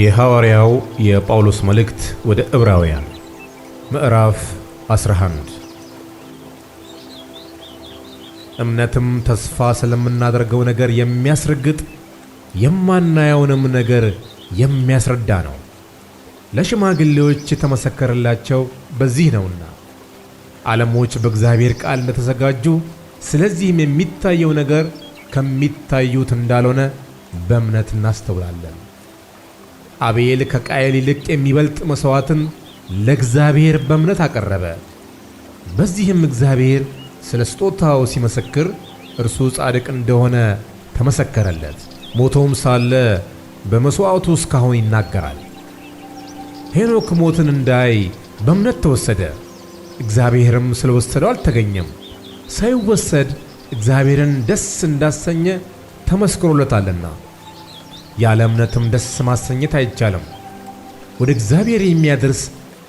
የሐዋርያው የጳውሎስ መልእክት ወደ ዕብራውያን ምዕራፍ 11 እምነትም ተስፋ ስለምናደርገው ነገር የሚያስረግጥ የማናየውንም ነገር የሚያስረዳ ነው፣ ለሽማግሌዎች የተመሰከረላቸው በዚህ ነውና። ዓለሞች በእግዚአብሔር ቃል እንደተዘጋጁ፣ ስለዚህም የሚታየው ነገር ከሚታዩት እንዳልሆነ በእምነት እናስተውላለን። አቤል ከቃየል ይልቅ የሚበልጥ መሥዋዕትን ለእግዚአብሔር በእምነት አቀረበ። በዚህም እግዚአብሔር ስለ ስጦታው ሲመሰክር እርሱ ጻድቅ እንደሆነ ተመሰከረለት። ሞቶም ሳለ በመሥዋዕቱ እስካሁን ይናገራል። ሄኖክ ሞትን እንዳይ በእምነት ተወሰደ፣ እግዚአብሔርም ስለ ወሰደው አልተገኘም። ሳይወሰድ እግዚአብሔርን ደስ እንዳሰኘ ተመስክሮለታልና። ያለ እምነትም ደስ ማሰኘት አይቻልም። ወደ እግዚአብሔር የሚያደርስ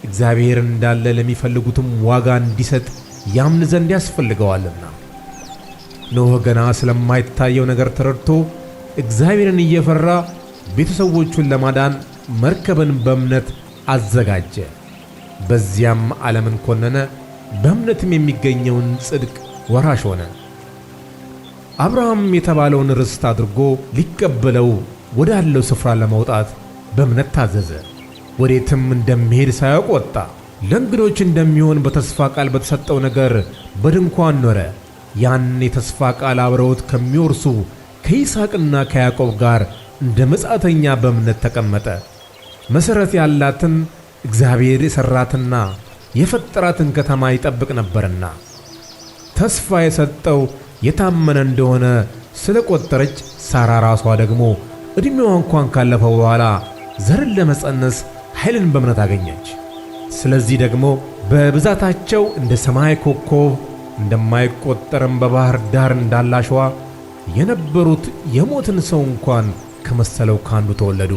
እግዚአብሔር እንዳለ ለሚፈልጉትም ዋጋ እንዲሰጥ ያምን ዘንድ ያስፈልገዋልና። ኖኅ ገና ስለማይታየው ነገር ተረድቶ እግዚአብሔርን እየፈራ ቤተሰቦቹን ለማዳን መርከብን በእምነት አዘጋጀ። በዚያም ዓለምን ኮነነ፣ በእምነትም የሚገኘውን ጽድቅ ወራሽ ሆነ። አብርሃም የተባለውን ርስት አድርጎ ሊቀበለው ወዳለው ስፍራ ለመውጣት በእምነት ታዘዘ። ወዴትም እንደሚሄድ ሳያውቅ ወጣ። ለእንግዶች እንደሚሆን በተስፋ ቃል በተሰጠው ነገር በድንኳን ኖረ። ያን የተስፋ ቃል አብረውት ከሚወርሱ ከይስሐቅና ከያዕቆብ ጋር እንደ መጻተኛ በእምነት ተቀመጠ። መሠረት ያላትን እግዚአብሔር የሠራትና የፈጠራትን ከተማ ይጠብቅ ነበርና ተስፋ የሰጠው የታመነ እንደሆነ ስለ ቈጠረች ራሷ ደግሞ ዕድሜዋ እንኳን ካለፈ በኋላ ዘርን ለመጸነስ ኃይልን በእምነት አገኘች። ስለዚህ ደግሞ በብዛታቸው እንደ ሰማይ ኮከብ እንደማይቆጠርም በባህር ዳር እንዳለ አሸዋ የነበሩት የሞትን ሰው እንኳን ከመሰለው ካንዱ ተወለዱ።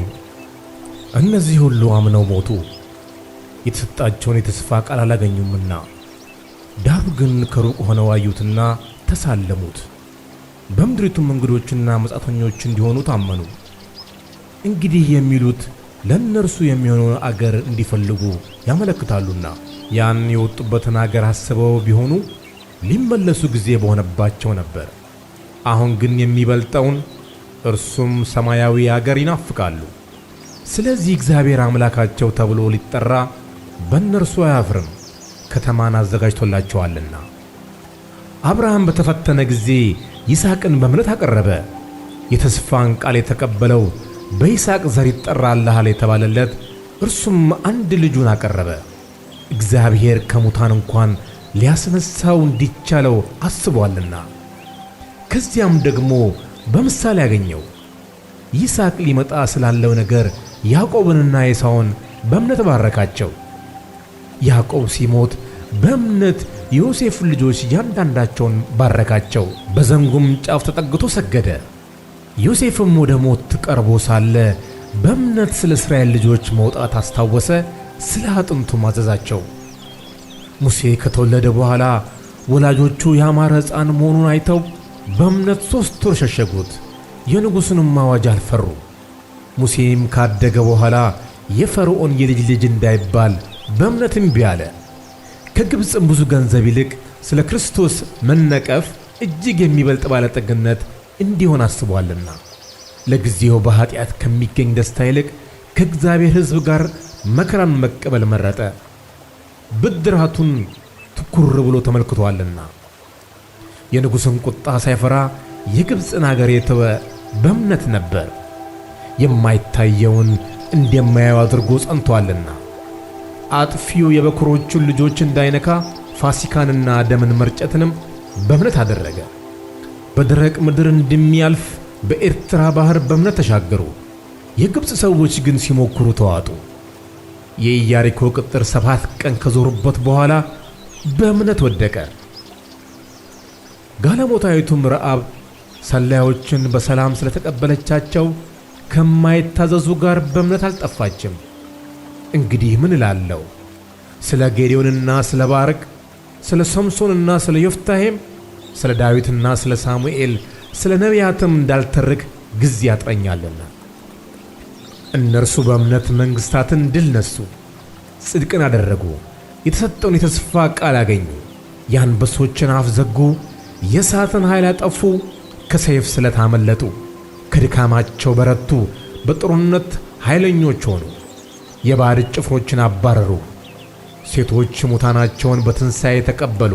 እነዚህ ሁሉ አምነው ሞቱ፣ የተሰጣቸውን የተስፋ ቃል አላገኙምና። ዳሩ ግን ከሩቅ ሆነው አዩትና ተሳለሙት፣ በምድሪቱም እንግዶችና መጻተኞች እንዲሆኑ ታመኑ። እንግዲህ የሚሉት ለእነርሱ የሚሆነውን አገር እንዲፈልጉ ያመለክታሉና ያን የወጡበትን አገር አስበው ቢሆኑ ሊመለሱ ጊዜ በሆነባቸው ነበር። አሁን ግን የሚበልጠውን እርሱም ሰማያዊ አገር ይናፍቃሉ። ስለዚህ እግዚአብሔር አምላካቸው ተብሎ ሊጠራ በእነርሱ አያፍርም፣ ከተማን አዘጋጅቶላቸዋልና። አብርሃም በተፈተነ ጊዜ ይስሐቅን በእምነት አቀረበ። የተስፋን ቃል የተቀበለው በይስሐቅ ዘር ይጠራልሃል የተባለለት እርሱም አንድ ልጁን አቀረበ። እግዚአብሔር ከሙታን እንኳን ሊያስነሳው እንዲቻለው አስቧልና። ከዚያም ደግሞ በምሳሌ ያገኘው ይስሐቅ ሊመጣ ስላለው ነገር ያዕቆብንና ኤሳውን በእምነት ባረካቸው። ያዕቆብ ሲሞት በእምነት የዮሴፍ ልጆች እያንዳንዳቸውን ባረካቸው። በዘንጉም ጫፍ ተጠግቶ ሰገደ። ዮሴፍም ወደ ሞት ቀርቦ ሳለ በእምነት ስለ እስራኤል ልጆች መውጣት አስታወሰ፣ ስለ አጥንቱ ማዘዛቸው። ሙሴ ከተወለደ በኋላ ወላጆቹ ያማረ ሕፃን መሆኑን አይተው በእምነት ሦስት ወር ሸሸጉት፣ የንጉሥንም አዋጅ አልፈሩ። ሙሴም ካደገ በኋላ የፈርዖን የልጅ ልጅ እንዳይባል በእምነት እምቢ አለ። ከግብፅም ብዙ ገንዘብ ይልቅ ስለ ክርስቶስ መነቀፍ እጅግ የሚበልጥ ባለጠግነት እንዲሆን አስቧልና ለጊዜው በኃጢአት ከሚገኝ ደስታ ይልቅ ከእግዚአብሔር ሕዝብ ጋር መከራን መቀበል መረጠ። ብድራቱን ትኩር ብሎ ተመልክቶአልና። የንጉሥን ቁጣ ሳይፈራ የግብፅን አገር የተወ በእምነት ነበር። የማይታየውን እንደማያዩ አድርጎ ጸንቶአልና። አጥፊው የበኩሮቹን ልጆች እንዳይነካ ፋሲካንና ደምን መርጨትንም በእምነት አደረገ። በደረቅ ምድር እንደሚያልፍ በኤርትራ ባህር በእምነት ተሻገሩ። የግብፅ ሰዎች ግን ሲሞክሩ ተዋጡ። የኢያሪኮ ቅጥር ሰባት ቀን ከዞሩበት በኋላ በእምነት ወደቀ። ጋለሞታይቱም ረዓብ ሰላዮችን በሰላም ስለተቀበለቻቸው ከማይታዘዙ ጋር በእምነት አልጠፋችም። እንግዲህ ምን እላለሁ? ስለ ጌዴዮንና ስለ ባርቅ፣ ስለ ሶምሶንና ስለ ዮፍታሔም ስለ ዳዊትና ስለ ሳሙኤል ስለ ነቢያትም እንዳልተርክ ጊዜ ያጥረኛልና። እነርሱ በእምነት መንግሥታትን ድል ነሱ ጽድቅን አደረጉ፣ የተሰጠውን የተስፋ ቃል አገኙ። የአንበሶችን አፍ ዘጉ፣ የእሳትን ኃይል አጠፉ፣ ከሰይፍ ስለት አመለጡ፣ ከድካማቸው በረቱ፣ በጥሩነት ኃይለኞች ሆኑ። የባዕድ ጭፍሮችን አባረሩ፣ ሴቶች ሙታናቸውን በትንሣኤ ተቀበሉ።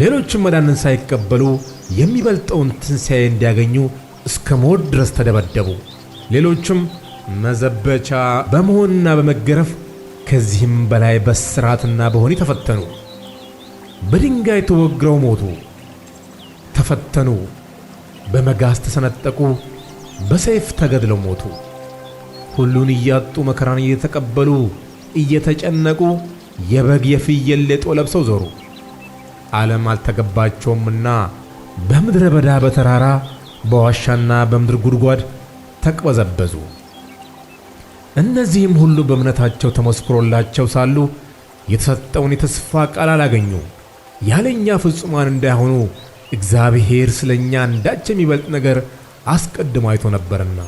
ሌሎችም መዳንን ሳይቀበሉ የሚበልጠውን ትንሣኤ እንዲያገኙ እስከ ሞት ድረስ ተደበደቡ። ሌሎችም መዘበቻ በመሆንና በመገረፍ ከዚህም በላይ በስራትና በሆኒ ተፈተኑ። በድንጋይ ተወግረው ሞቱ፣ ተፈተኑ። በመጋዝ ተሰነጠቁ፣ በሰይፍ ተገድለው ሞቱ። ሁሉን እያጡ መከራን እየተቀበሉ እየተጨነቁ የበግ የፍየል ሌጦ ለብሰው ዞሩ። ዓለም አልተገባቸውምና በምድረ በዳ በተራራ በዋሻና በምድር ጉድጓድ ተቅበዘበዙ። እነዚህም ሁሉ በእምነታቸው ተመስክሮላቸው ሳሉ የተሰጠውን የተስፋ ቃል አላገኙ። ያለኛ ፍጹማን እንዳይሆኑ እግዚአብሔር ስለ እኛ አንዳች የሚበልጥ ነገር አስቀድሞ አይቶ ነበርና።